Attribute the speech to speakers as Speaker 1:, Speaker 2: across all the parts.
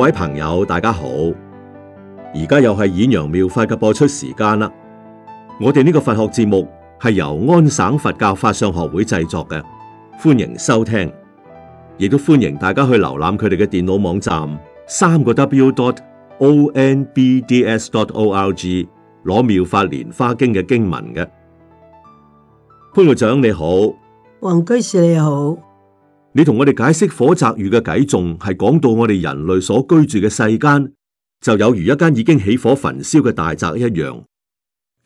Speaker 1: 各位朋友，大家好！而家又係《演揚妙法》嘅播出時間啦。我哋呢個佛學節目係由安省佛教法相學會製作嘅，歡迎收聽，亦都歡迎大家去瀏覽佢哋嘅電腦網站三個 W dot O N B D S dot O R G 攞妙法蓮花經嘅經文嘅。潘會長你好，黃居士你好。你同我哋解釋火宅喻嘅偈頌，係講到我哋人類所居住嘅世間，就有如一間已經起火焚燒嘅大宅一樣。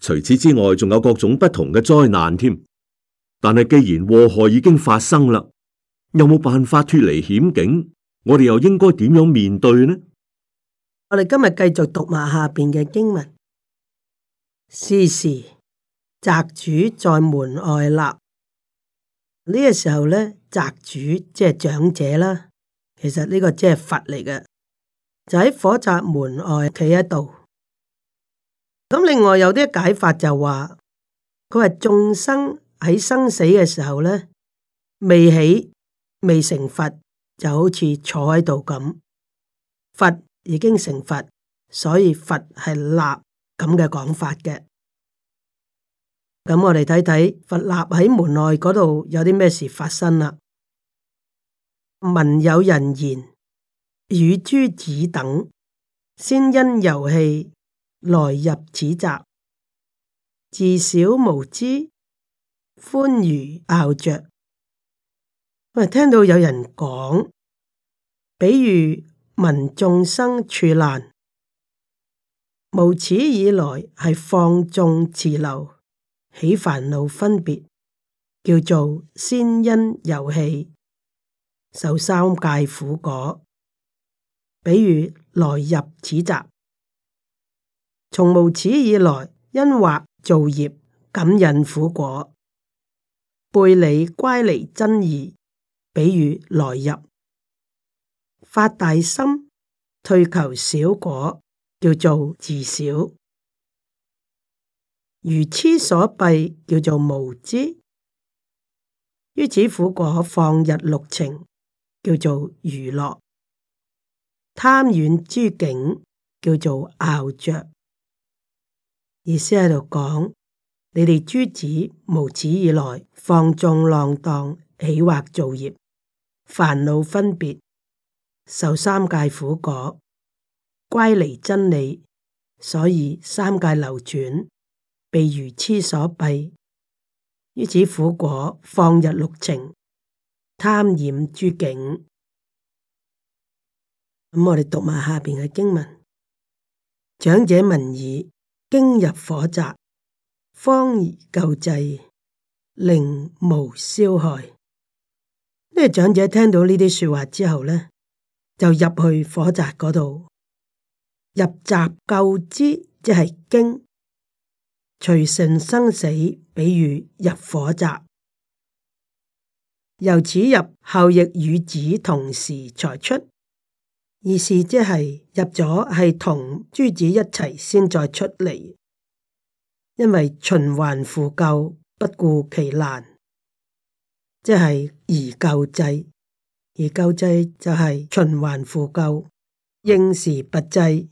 Speaker 1: 除此之外，仲有各種不同嘅災難添。但係既然禍害已經發生啦，有冇辦法脫離險境？我哋又應該點樣面對呢？
Speaker 2: 我哋今日繼續讀埋下邊嘅經文。是時，宅主在門外立。呢、這個時候咧。宅主即係長者啦，其實呢個即係佛嚟嘅，就喺火宅門外企喺度。咁另外有啲解法就話，佢話眾生喺生死嘅時候咧，未起未成佛，就好似坐喺度咁。佛已經成佛，所以佛係立咁嘅講法嘅。咁我哋睇睇佛立喺門外嗰度有啲咩事發生啦。聞有人言，與諸子等先因遊戲來入此宅，自小無知，歡娛咬着。喂，聽到有人講，比如民眾生處難，無始以來係放縱自流，起煩惱分別，叫做先因遊戲。受三界苦果，譬喻來入此宅，從無始以來因惑造業感引苦果，背離乖離真義，譬喻來入發大心退求小果，叫做自小如癡所蔽，叫做無知。於此苦果放入六情。叫做娛樂貪染諸境，叫做傲着。意思喺度講，你哋諸子無始以來放縱浪蕩，起惑造業，煩惱分別，受三界苦果，乖離真理，所以三界流轉，被愚痴所蔽，於此苦果放入六情。貪染諸境，咁我哋讀埋下邊嘅經文。長者聞已，經入火宅，方而救濟，令無燒害。呢個長者聽到呢啲說話之後咧，就入去火宅嗰度，入宅救之，即係經除勝生死。比如入火宅。由此入後亦與子同時才出，意思即係入咗係同諸子一齊先再出嚟，因為循環互救不顧其難，即係而救濟，而救濟就係循環互救，應時不濟，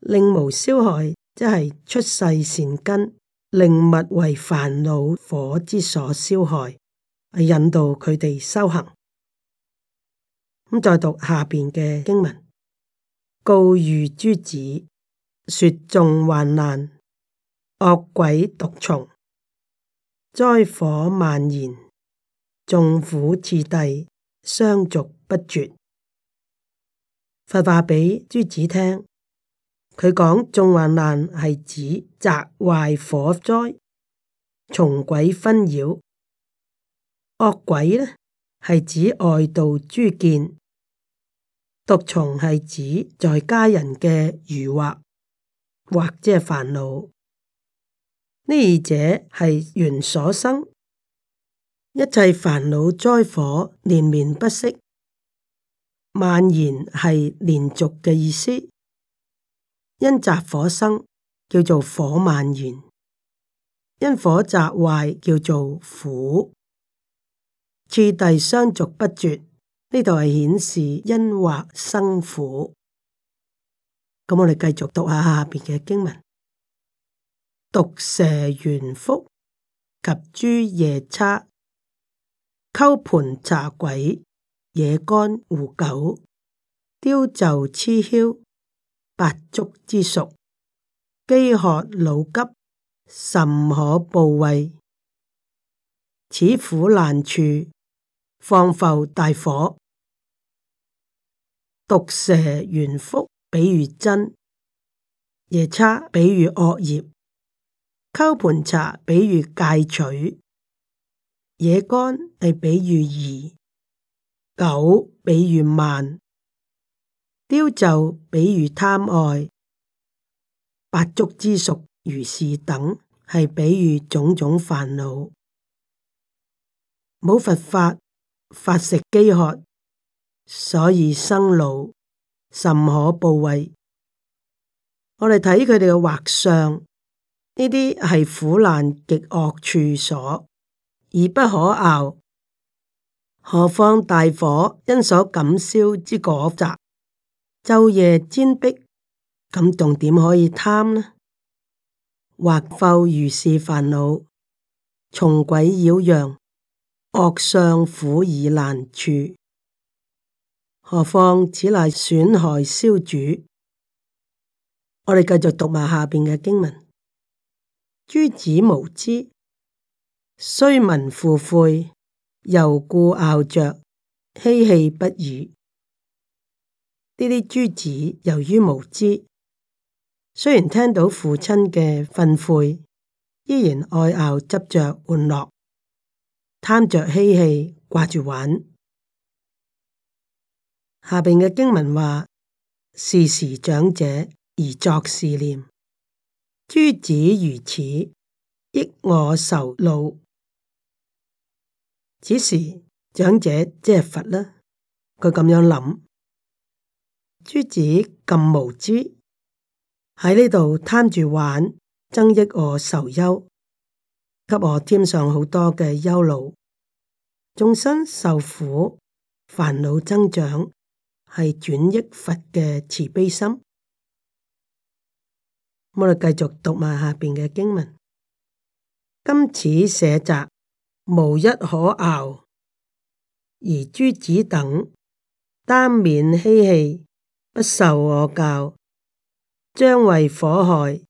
Speaker 2: 令無燒害，即係出世善根，令勿為煩惱火之所燒害。係引導佢哋修行，咁再讀下邊嘅經文，告喻諸子：說眾患難、惡鬼毒蟲、災火蔓延、眾苦次第、相續不絕。佛話俾諸子聽，佢講眾患難係指責壞火災、蟲鬼紛擾。惡鬼呢，係指外道諸見；毒蟲係指在家人嘅餘惑，或者係煩惱。呢二者係緣所生，一切煩惱災火連綿不息，蔓延係連續嘅意思。因雜火生，叫做火蔓延；因火雜壞，叫做苦。次第相續不絕，呢度係顯示因惑生苦。咁我哋繼續讀下下邊嘅經文：毒蛇蚖蝮及諸夜叉，鳩槃荼鬼野干狐狗，雕鷲，鸱梟，百足之屬，飢渴老急，甚可怖畏。此苦難處。放浮大火，毒蛇蚖蝮，比如真夜叉，比如惡業，鳩槃荼，比如戒取野干，係比喻疑，狗，比喻慢雕鷲，比如貪愛百足之屬，如是等，係比喻種種煩惱，冇佛法。發食飢渴，所以生老甚可怖畏。我哋睇佢哋嘅畫像，呢啲係苦難極惡處所，而不可熬。何況大火因所感燒之果集，晝夜煎逼，咁仲點可以貪呢？或否如是煩惱，蟲鬼擾攘。惡相苦以難處，何況此乃損害消主。我哋繼續讀埋下邊嘅經文：諸子無知，雖聞父誨，猶故樂著，嬉戲不已。呢啲諸子由於無知，雖然聽到父親嘅訓誨，依然愛拗執着玩樂。貪着嬉戲,戲，掛住玩。下邊嘅經文話：是時長者而作是念，諸子如此，益我愁惱。此時長者即係佛啦，佢咁樣諗，諸子咁無知，喺呢度貪住玩，增益我受憂。給我添上好多嘅憂惱，眾生受苦煩惱增長，係轉益佛嘅慈悲心。我哋繼續讀埋下邊嘅經文：今此舍宅，無一可樂。而諸子等耽湎嬉戲，不受我教，將為火害，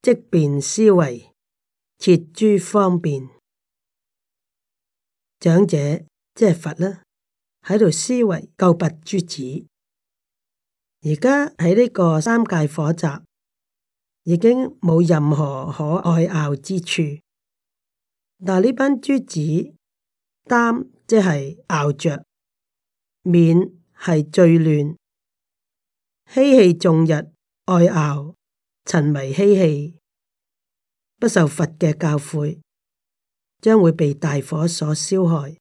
Speaker 2: 即便思惟。切諸方便，長者即係佛啦，喺度思維救拔諸子。而家喺呢個三界火宅，已經冇任何可愛拗之處。但呢班諸子擔，即係拗着面係最亂，嬉戲眾日愛拗，沉迷嬉戲。不受佛嘅教誨，將會被大火所燒害。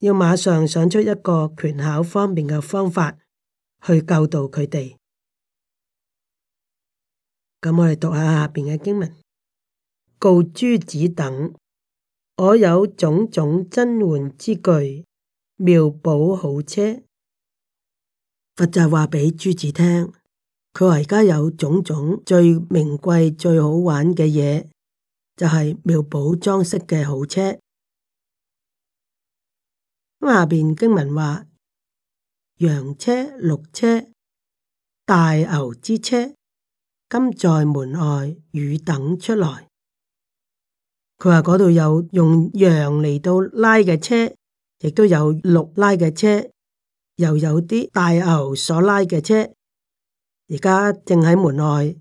Speaker 2: 要馬上想出一個權巧方便嘅方法去教導佢哋。咁我哋讀下下邊嘅經文，告諸子等：我有種種珍玩之具，妙寶好車。佛就話畀諸子聽。佢話而家有種種最名貴最好玩嘅嘢，就係、是、妙寶裝飾嘅好車。下邊經文話：羊車、鹿車、大牛之車，今在門外，汝等出來。佢話嗰度有用羊嚟到拉嘅車，亦都有鹿拉嘅車，又有啲大牛所拉嘅車。而家正喺門外，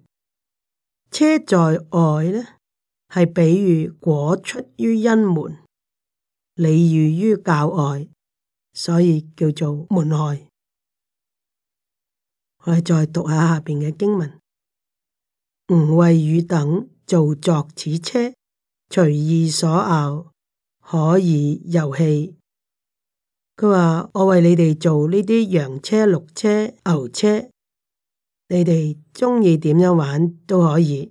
Speaker 2: 車在外呢係比喻果出於因門，理喻於教外，所以叫做門外。我哋再讀下下邊嘅經文：吾為汝等造作此車，隨意所遨，可以遊戲。佢話：我為你哋做呢啲羊車、鹿車、牛車。你哋中意點樣玩都可以，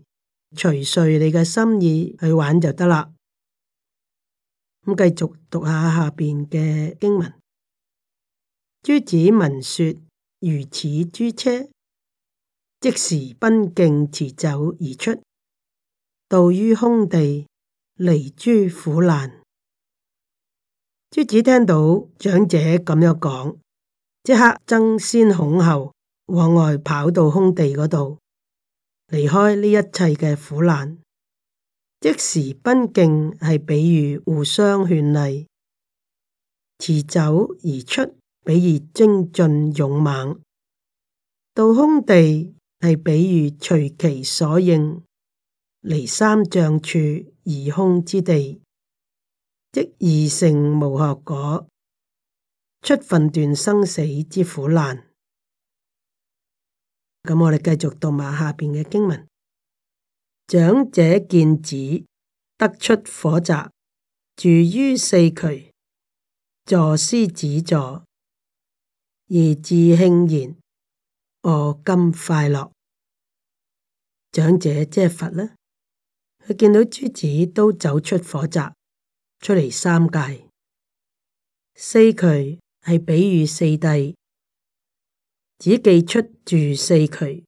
Speaker 2: 隨隨你嘅心意去玩就得啦。咁繼續讀下下邊嘅經文。諸子聞說如此諸車，即時奔競馳走而出，到於空地離諸苦難。諸子聽到長者咁樣講，即刻爭先恐後，往外跑到空地嗰度，離開呢一切嘅苦難，即時奔徑係，比喻互相勸勵，持走而出，比喻精進勇猛，到空地係，比喻隨其所應，離三障處而空之地，即而成無學果，出分段生死之苦難。咁我哋繼續讀埋下邊嘅經文，長者見子得出火宅，住於四衢，坐師子座而自慶言：哦，今快樂。長者即係佛啦，佢見到諸子都走出火宅，出嚟三界，四衢係比喻四諦。只記出住四衢，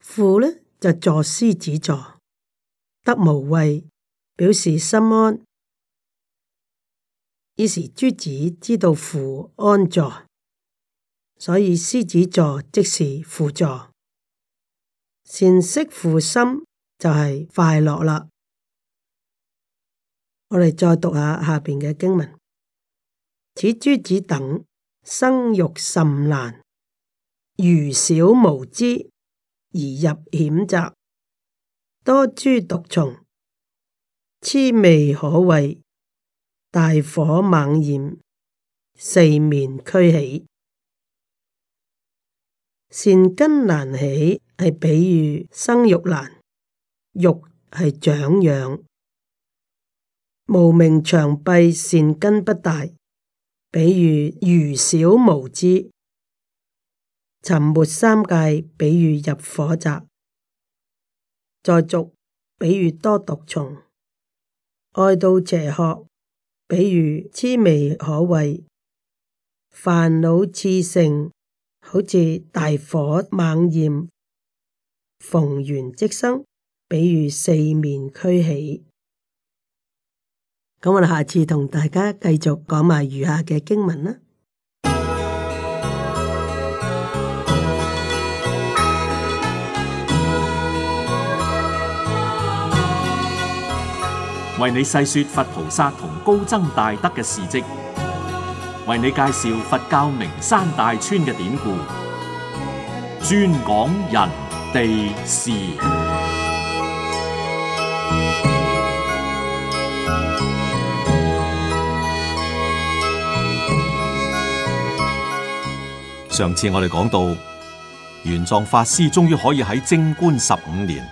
Speaker 2: 父呢，就坐獅子座得無畏，表示心安。於是諸子知道父安坐，所以獅子座即是父座。善識父心就係快樂啦。我哋再讀下下邊嘅經文，此諸子等，生育甚難。如小無知而入險宅，多諸毒蟲，魑魅可畏。大火猛焰，四面俱起，善根難起，係比喻生育難。欲係長養，無明長閉，善根不大。比喻如小無知。沉沒三界，比喻入火宅；再續，比喻多毒蟲；愛到邪惡，比喻痴迷可畏；煩惱熾盛，好似大火猛焰；逢緣即生，比喻四面驅起。咁我哋下次同大家繼續講埋餘下嘅經文啦。
Speaker 1: 為你細說佛菩薩同高僧大德嘅事跡，為你介紹佛教名山大川嘅典故，專講人地事。上次我哋講到，玄奘法師終於可以喺貞觀十五年。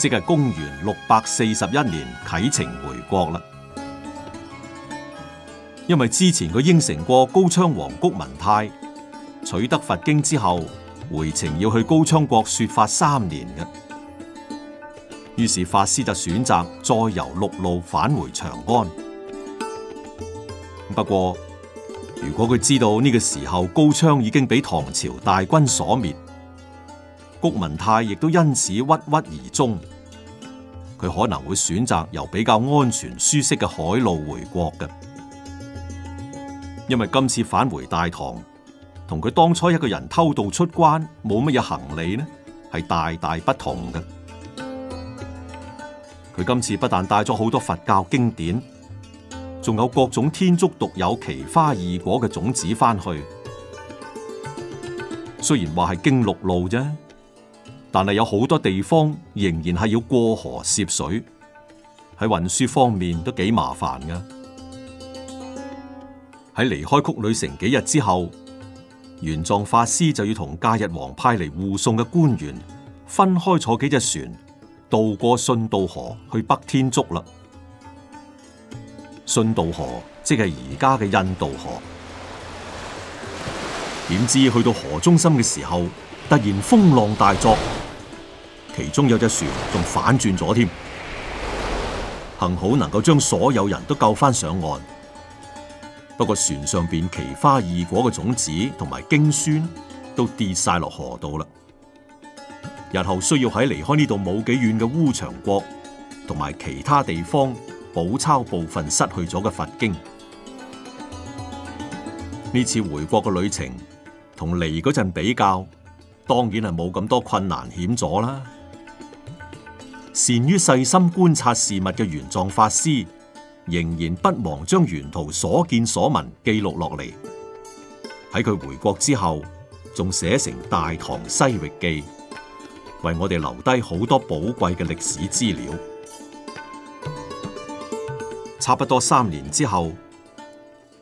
Speaker 1: 即係公元六百四十一年啟程回國啦，因為之前佢應承過高昌王谷文泰取得佛經之後，回程要去高昌國說法三年嘅，於是法師就選擇再由陸路返回長安。不過，如果佢知道呢個時候高昌已經俾唐朝大軍所滅。谷文泰亦都因此鬱鬱而終。佢可能會選擇由比較安全舒適嘅海路回國嘅，因為今次返回大唐，同佢當初一個人偷渡出關冇乜嘢行李呢，係大大不同嘅。佢今次不但帶咗好多佛教經典，仲有各種天竺獨有奇花異果嘅種子翻去。雖然話係經陸路啫。但係有好多地方仍然係要過河涉水，喺運輸方面都幾麻煩噶。喺離開曲女城幾日之後，玄奘法師就要同戒日王派嚟護送嘅官員分開，坐幾隻船，渡過信度河去北天竺啦。信度河即係而家嘅印度河。點知去到河中心嘅時候，突然風浪大作。其中有隻船仲反轉咗添，幸好能夠將所有人都救翻上岸。不過船上邊奇花異果嘅種子同埋經書都跌晒落河道啦。日後需要喺離開呢度冇幾遠嘅烏長國同埋其他地方補抄部分失去咗嘅佛經。呢次回國嘅旅程同嚟嗰陣比較，當然係冇咁多困難險阻啦。善於細心觀察事物嘅玄奘法師，仍然不忘將沿途所見所聞記錄落嚟。喺佢回國之後，仲寫成《大唐西域記》，為我哋留低好多寶貴嘅歷史資料。差不多三年之後，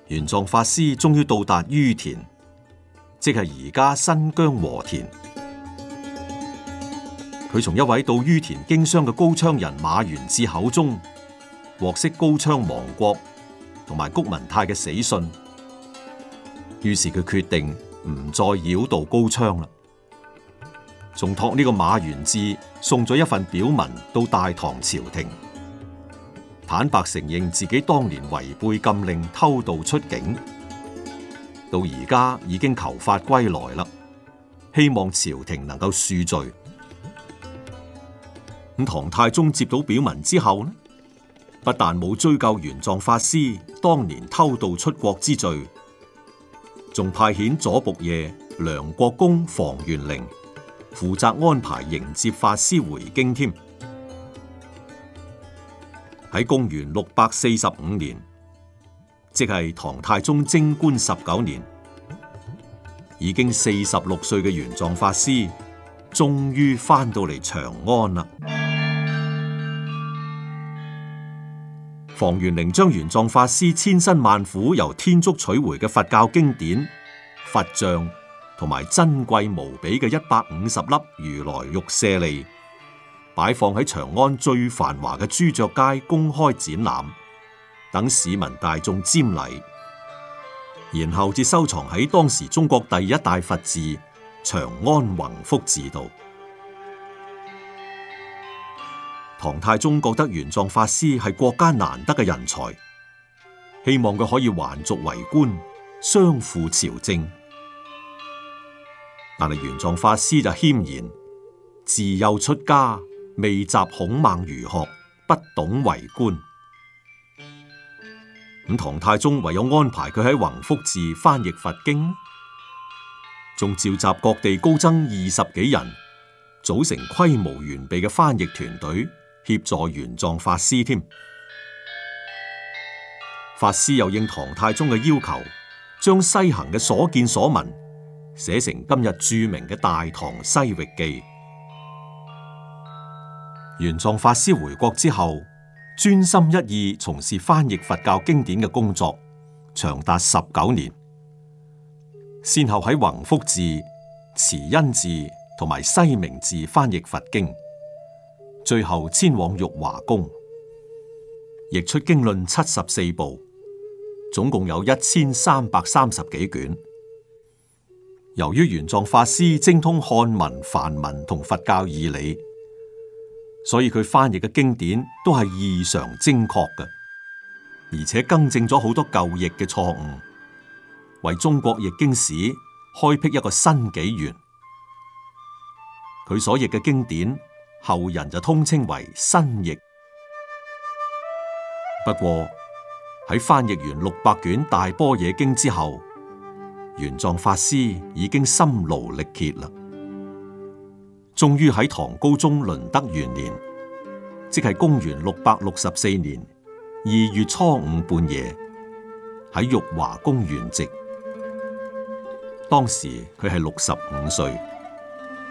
Speaker 1: 玄奘法師終於到達於田，即係而家新疆和田。佢從一位到于田經商嘅高昌人馬元志口中獲悉高昌亡國同埋谷文泰嘅死訊，於是佢決定唔再繞道高昌啦，仲托呢個馬元志送咗一份表文到大唐朝廷，坦白承認自己當年違背禁令偷渡出境，到而家已經求法歸來啦，希望朝廷能夠恕罪。唐太宗接到表文之後呢，不但冇追究玄奘法師當年偷渡出國之罪，仲派遣左僕射梁國公房玄齡負責安排迎接法師回京添。喺公元六百四十五年，即係唐太宗貞觀十九年，已經四十六歲嘅玄奘法師，終於翻到嚟長安啦。房玄齡將玄奘法師千辛萬苦由天竺取回嘅佛教經典、佛像同埋珍貴無比嘅一百五十粒如來玉舍利，擺放喺長安最繁華嘅朱雀街公開展覽，等市民大眾瞻禮，然後至收藏喺當時中國第一大佛寺長安宏福寺度。唐太宗覺得玄奘法師係國家難得嘅人才，希望佢可以還俗為官，相輔朝政。但係玄奘法師就謙然，自幼出家，未習孔孟儒學，不懂為官。咁唐太宗唯有安排佢喺弘福寺翻譯佛經，仲召集各地高僧二十幾人，組成規模完備嘅翻譯團隊。協助玄奘法師，添法師又應唐太宗嘅要求，將西行嘅所見所聞寫成今日著名嘅《大唐西域記》。玄奘法師回國之後，專心一意從事翻譯佛教經典嘅工作，長達十九年，先後喺弘福寺、慈恩寺同埋西明寺翻譯佛經。最後遷往玉華宮，譯出經論七十四部，總共有一千三百三十幾卷。由於玄奘法師精通漢文、梵文同佛教義理，所以佢翻譯嘅經典都係異常精確嘅，而且更正咗好多舊譯嘅錯誤，為中國譯經史開闢一個新紀元。佢所譯嘅經典，後人就通稱為新譯。不過喺翻譯完六百卷大般若經之後，玄奘法師已經心勞力竭啦。終於喺唐高宗麟德元年，即係公元六百六十四年二月初五半夜喺玉華宮圓寂。當時佢係六十五歲。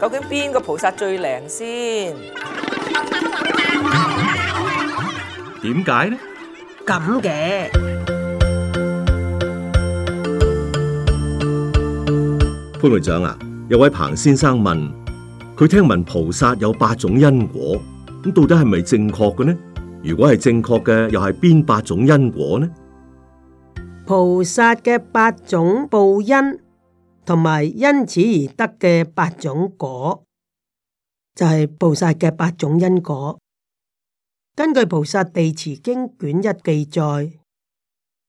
Speaker 1: 究竟邊個菩薩最靈先？點解呢？
Speaker 2: 咁嘅
Speaker 1: 潘會長啊，有位彭先生問佢，聽聞菩薩有八種因果，咁到底係咪正確嘅呢？如果係正確嘅，又係邊八種因果呢？
Speaker 2: 菩薩嘅八種報恩，同埋因此而得嘅八種果，就係菩薩嘅八種因果。根據《菩薩地持經卷一》記載，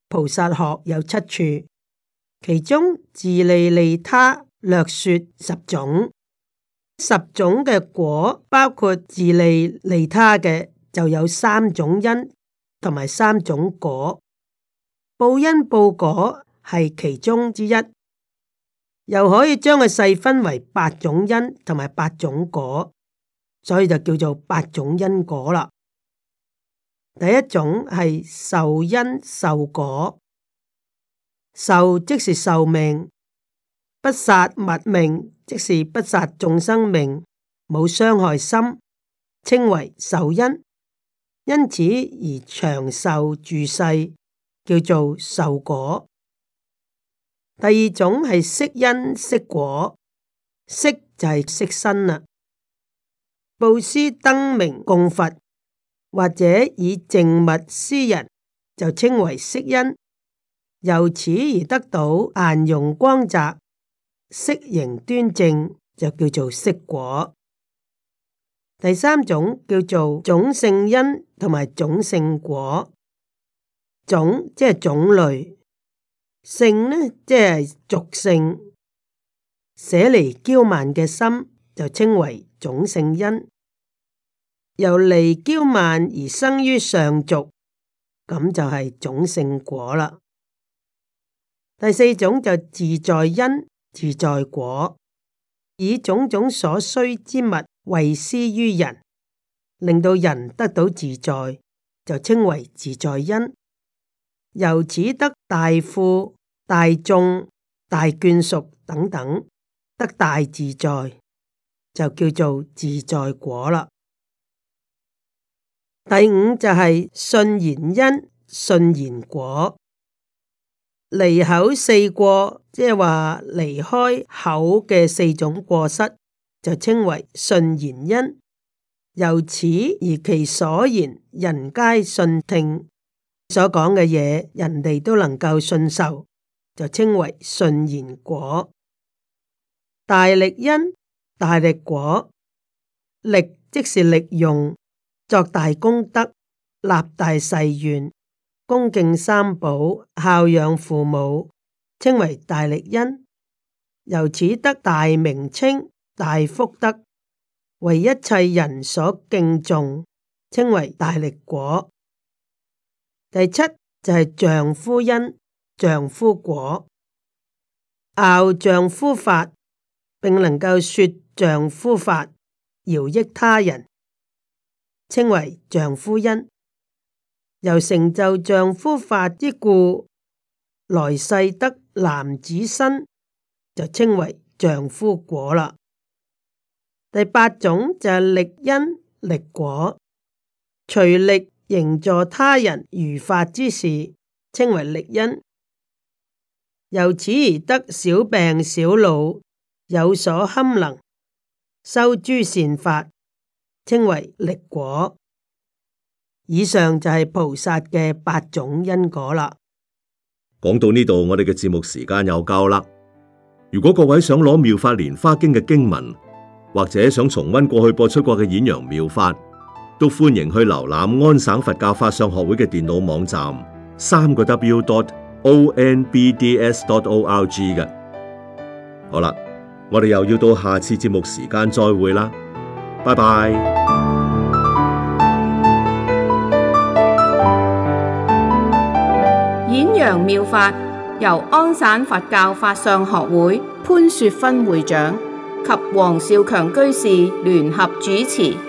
Speaker 2: 菩薩學有七處，其中自利利他略說十種。十種嘅果包括自利利他嘅，就有三種因同埋三種果，報恩報果係其中之一。又可以將佢細分為八種因同埋八種果，所以就叫做八種因果啦。第一種係壽因壽果，壽即是壽命，不殺物命，即是不殺眾生命，冇傷害心，稱為壽因，因此而長壽住世，叫做壽果。第二種係色因色果，色就係色身啦，布施燈明供佛或者以淨物施人，就稱為色因，由此而得到顏容光澤、色形端正，就叫做色果。第三種叫做種性因同埋種性果，種即係種類。性呢，即係俗性，捨離驕慢嘅心，就稱為種性因。由離驕慢而生於上族，咁就係種性果啦。第四種就自在因、自在果，以種種所需之物惠施於人，令到人得到自在，就稱為自在因。由此得大富、大眾、大眷屬等等，得大自在，就叫做自在果啦。第五就係信言因、信言果，離口四過，即係話離開口嘅四種過失，就稱為信言因。由此而其所言，人皆信聽，所講嘅嘢，人哋都能夠信受，就稱為信言果。大力因、大力果，力即是利用作大功德、立大誓願、恭敬三寶、孝養父母，稱為大力因。由此得大名稱、大福德，為一切人所敬重，稱為大力果。第七就係丈夫因、丈夫果。拗丈夫法，並能夠說丈夫法，饒益他人，稱為丈夫因。由成就丈夫法之故，來世得男子身，就稱為丈夫果啦。第八種就係力因、力果，除力。營助他人如法之事，稱為力因，由此而得少病少惱，有所堪能，修諸善法，稱為力果。以上就係菩薩嘅八種因果啦。
Speaker 1: 講到呢度，我哋嘅節目時間又夠啦。如果各位想攞《妙法蓮花經》嘅經文，或者想重溫過去播出過嘅演揚妙法。都歡迎去瀏覽安省佛教法相學會嘅電腦網站，三個 W dot O N B D S dot O R G 嘅。好啦，我哋又要到下次節目時間再會啦，拜拜。
Speaker 2: 演揚妙法由安省佛教法相學會潘雪芬會長及黃少強居士聯合主持。